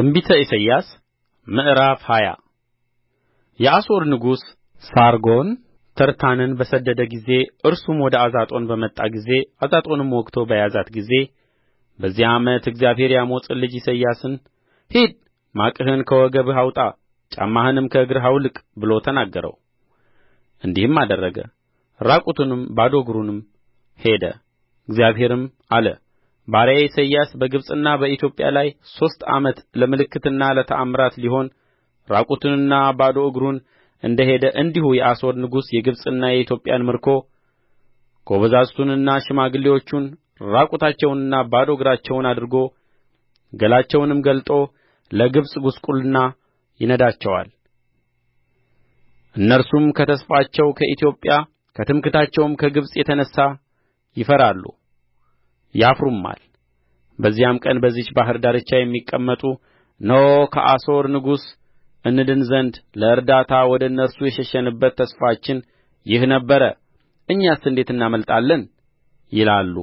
ትንቢተ ኢሳይያስ ምዕራፍ ሃያ የአሦር ንጉሥ ሳርጎን ተርታንን በሰደደ ጊዜ እርሱም ወደ አዛጦን በመጣ ጊዜ አዛጦንም ወግቶ በያዛት ጊዜ በዚያ ዓመት እግዚአብሔር የአሞጽን ልጅ ኢሳይያስን ሂድ ማቅህን ከወገብህ አውጣ ጫማህንም ከእግርህ አውልቅ ብሎ ተናገረው እንዲህም አደረገ ራቁቱንም ባዶ እግሩንም ሄደ እግዚአብሔርም አለ ባሪያዬ ኢሳይያስ በግብጽና በኢትዮጵያ ላይ ሦስት ዓመት ለምልክትና ለተአምራት ሊሆን ራቁቱንና ባዶ እግሩን እንደ ሄደ እንዲሁ የአሦር ንጉሥ የግብጽንና የኢትዮጵያን ምርኮ ጐበዛዝቱንና ሽማግሌዎቹን ራቁታቸውንና ባዶ እግራቸውን አድርጎ ገላቸውንም ገልጦ ለግብጽ ጕስቍልና ይነዳቸዋል እነርሱም ከተስፋቸው ከኢትዮጵያ ከትምክሕታቸውም ከግብጽ የተነሣ ይፈራሉ ያፍሩማል በዚያም ቀን በዚች ባሕር ዳርቻ የሚቀመጡ እነሆ ከአሦር ንጉሥ እንድን ዘንድ ለእርዳታ ወደ እነርሱ የሸሸንበት ተስፋችን ይህ ነበረ እኛስ እንዴት እናመልጣለን ይላሉ